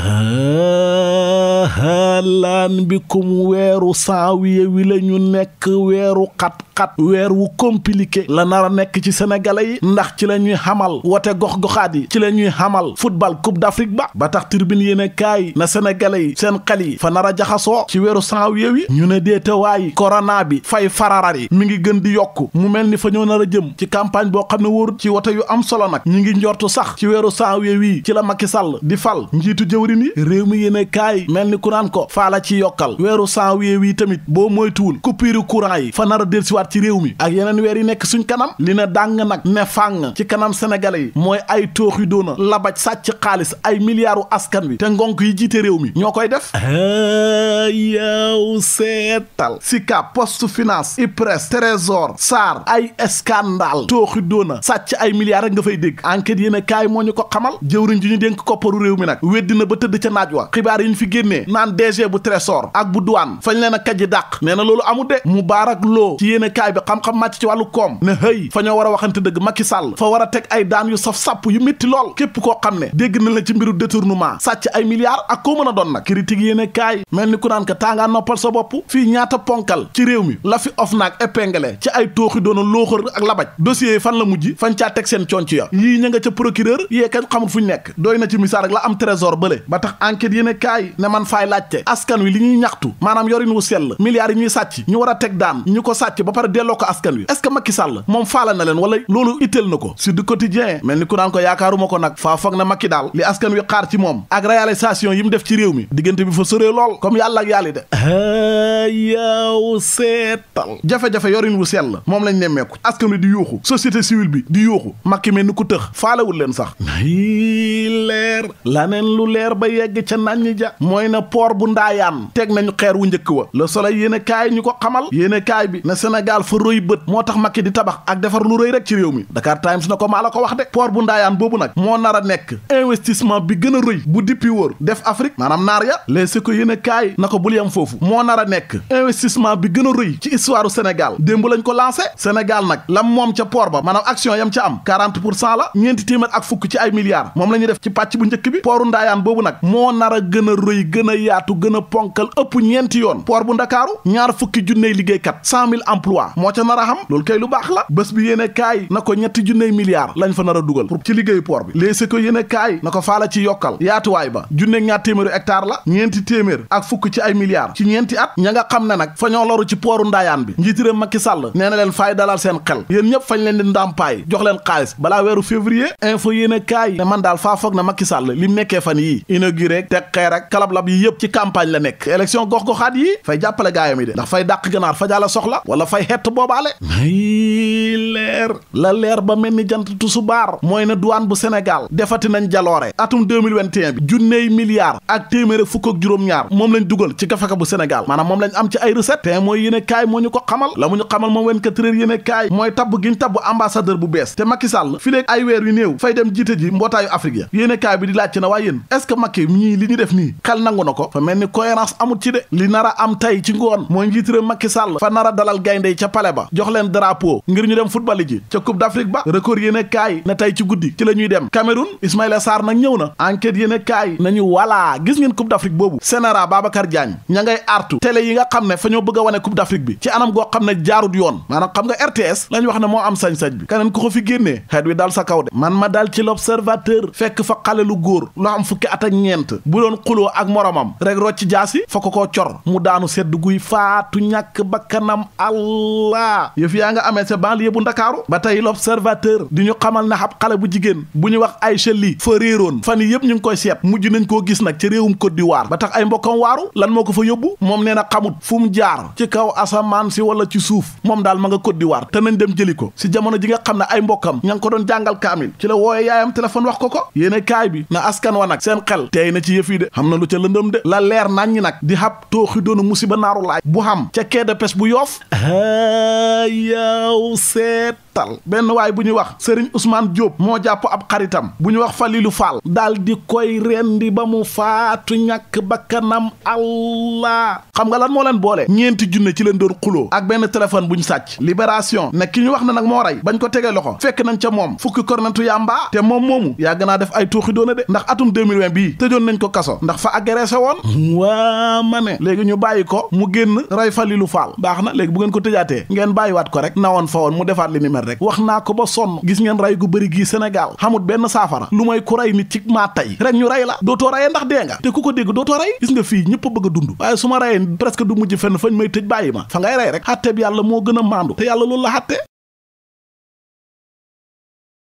halaan bikum weeru saawiya wi ñu nekk weeru xat xat weer wu compliqué la nar a nekk ci sénégalais yi ndax ci la ñuy xamal wote gox-goxaat yi ci la ñuy xamal football coupe d'Afrique ba ba tax tribune yéene kaay na sénégalais yi seen xel yi fa nar a jaxasoo ci weeru sanwiew yi ñu ne deetawaayi corona bi fay fararar yi mu ngi gën di yokk mu mel ni fa ñoo nar a jëm ci campagne boo xam ne wóorut ci wote yu am solo nag ñu ngi njortu sax ci weeru sanwiew yi ci la Macky Sall di fal njiitu jëwrin yi réew mi yéene kaay mel ni kuraan ko faala ci yokkal weeru sanwiew yi tamit boo moytuwul coupure courant yi fa a ci réew mi ak yeneen weer yi nekk suñ kanam li na dàng nag ne fàng ci kanam sénégalais yi mooy ay tooxi doona labaj sàcc xaalis ay milliards askan wi te ngonk yi jiite réew mi ñoo koy def yow seetal sika poste finance IPRES trésor saar ay scandale tooxi doona sàcc ay milliards rek nga fay dégg enquête yéen a kaay moo ñu ko xamal jëwriñ ji ñu dénk kopparu réew mi nag weddi na ba tëdd ca naaj wa xibaar yi ñu fi génnee naan DG bu trésor ak bu duwaan fañ leen a kajji dàq nee na loolu amu de Moubarak Lo ci kaay bi xam-xam màcc ci wàllu koom ne hëy fa ñoo war a waxante dëgg Macky Sall fa war a teg ay daan yu saf sàpp yu métti lool képp koo xam ne dégg na la ci mbiru détournement sàcc ay milliards ak koo mën a doon nag critique yéene kaay mel ni ku naan ka tàngaa noppal sa bopp fii ñaata ponkal ci réew mi la fi OFNAC épinglé ci ay tooxi doona looxar ak labaj dossier yi fan la mujj fañ caa teg seen conc ya yii ña ca procureur yee kañ xamul fuñ ñu war a pare delloo ko askan wi est-ce que Macky Sall moom faala na leen wala loolu itteel na ko si du quotidien mel ni ku ko yaakaaruma ko nag faa foog na Macky daal li askan wi xaar ci moom ak réalisation yi mu def ci réew mi diggante bi fa soree lool comme yàlla ak de yaw seetal jafe-jafe yorin wu sell moom lañ nemmeeku askan wi di yuuxu société civile bi di yuuxu Macky mel ni ku tëx faalewul leen sax leer laneen lu leer ba yegg ca naan ñi ja mooy na port bu ndaayaan teg nañu xeer wu njëkk a Sénégal fa roy bët moo tax Macky di tabax ak defar lu rëy rek ci réew mi Dakar Times na ko maa la ko wax de port bu ndaayaan boobu nag moo nar a nekk investissement bi gën rëy bu dippi wóor def Afrique maanaam naar ya les si ko yéene kaay na ko bul yem foofu moo nar a nekk investissement bi gën a rëy ci histoire Sénégal démb lañ ko lancé Sénégal nag lam moom ca poor ba maanaam action yam ca am 40 pour cent la ñeenti téeméer ak fukk ci ay milliards moom la ñuy def ci pàcc bu njëkk bi pooru ndaayaan boobu nag moo nar a gën a rëy gën a yaatu gën a ponkal ëpp ñeenti yoon port bu ndakaaru ñaar fukki junney liggéeykat 100 Touba moo ca nar a xam loolu kay lu baax la bés bi yéene kaay na ko ñetti junney milliards lañ fa nar a dugal pour ci liggéeyu port bi léegi si ko yéene kaay na ko faala ci yokkal yaatuwaay ba junne ñaar téeméeru hectare la ñeenti téeméer ak fukk ci ay milliards ci ñeenti at ña nga xam ne nag fa ñoo loru ci pooru ndaayaan bi njiit réew Macky Sall nee na leen faay dalal seen xel yen ñëpp fañ leen di ndàmpaay jox leen xaalis balaa weeru février info yéene kaay n man daal faa foog na Macky nekkee fan yii inauguré teg xeer ak yëpp ci campagne la nekk élection gox goxaat yi fay jàppale gaayam yi de ndax fay dàq ganaar fa xett boobaale may leer la leer ba mel ni jant tusubaar mooy ne douane bu Sénégal defati nañ jaloore atum 2021 bi junney milliards ak téeméer fukk ak juróom-ñaar moom lañ dugal ci kafaka bu Sénégal maanaam moom lañ am ci ay recette te mooy yéene kaay moo ñu ko xamal la mu ñu xamal moom wen katréer yéene kaay mooy tabb giñ tabb ambassadeur bu bees te Macky Sall fi ay weer yu néew fay dem jiite ji mbootaayu Afrique ya yéene kaay bi di laaj ci na waaye yéen est def nii ko fa am tey ci ngoon mooy njiitere Macky Sall fa nar a dalal gaynde yi ca pale ba jox leen drapeau ngir ñu dem football ji ca coupe d'Afrique ba record yéene kaay na tey ci guddi ci la dem Cameroun Ismaïla Sarr nag ñëw na enquête yéene kaay nañu voilà gis ngeen coupe d'Afrique boobu Sénéra Babacar Diagne ña artu télé yi nga xam ne fa ñoo bëgg a wane coupe d'Afrique bi ci anam goo xam ne jaarut yoon maanaam xam nga RTS lañ wax ne moo am sañ bi keneen ku ko fi génnee wi dal sa kaw man ma dal ci l'observateur fekk fa xale lu góor allah yëf yaa nga amee sa banlieue bu ndakaaru ba tey l'observateur di ñu xamal na ab xale bu jigéen bu ñu wax Aïcha Ly fa réeroon fan yi yëpp ñu ngi koy seet mujj nañ koo gis nag ci réewum Côte d'Ivoire ba tax ay mbokkam waaru lan moo ko fa yóbbu moom nee na xamut fu mu jaar ci kaw asamaan si wala ci suuf moom daal ma nga Côte d'Ivoire te nañ dem jëli ko si jamono ji nga xam ne ay mbokkam ña ngi ko doon jàngal kaamil ci la wooye yaayam téléphone wax ko ko yéene kaay bi na askan wa nag seen xel na ci yëf de xam na lu ca lëndëm de la leer nañ ñi nag di hab tooxi doonu musiba naaru laay bu xam ca quai bu yoof yow e seet gàttal benn waay bu ñuy wax Serigne Ousmane Diop moo jàpp ab xaritam bu ñu wax Falilou Fall daal di koy rendi ba mu faatu ñàkk bakkanam allah xam nga lan moo leen boole ñeenti junne ci leen doon xuloo ak benn téléphone bu ñu sàcc libération ne ki ñu wax ne nag moo rey bañ ko tegee loxo fekk nañ ca moom fukki kornetu yàmbaa te moom moomu yàgg naa def ay tuuxi doona de ndax atum 2020 bii tëjoon nañ ko kaso ndax fa agressé woon waa ma ne léegi ñu bàyyi ko mu génn rey Falilou Fall baax na léegi bu ngeen ko tëjaatee ngeen bàyyiwaat ko rek nawoon mu defaat li feebar wax naa ko ba sonn gis ngeen ray gu bëri gii Sénégal xamut benn saafara lu may ku ray nit ci maa tey rek ñu ray la dootoo rayee ndax dee nga te ku ko dégg dootoo ray gis nga fii ñëpp bëgg a dund waaye su ma rayee presque du mujj fenn fañ may tëj bàyyi ma fa ngay ray rek xàtte yàlla moo gën a maandu te yàlla loolu la xàtte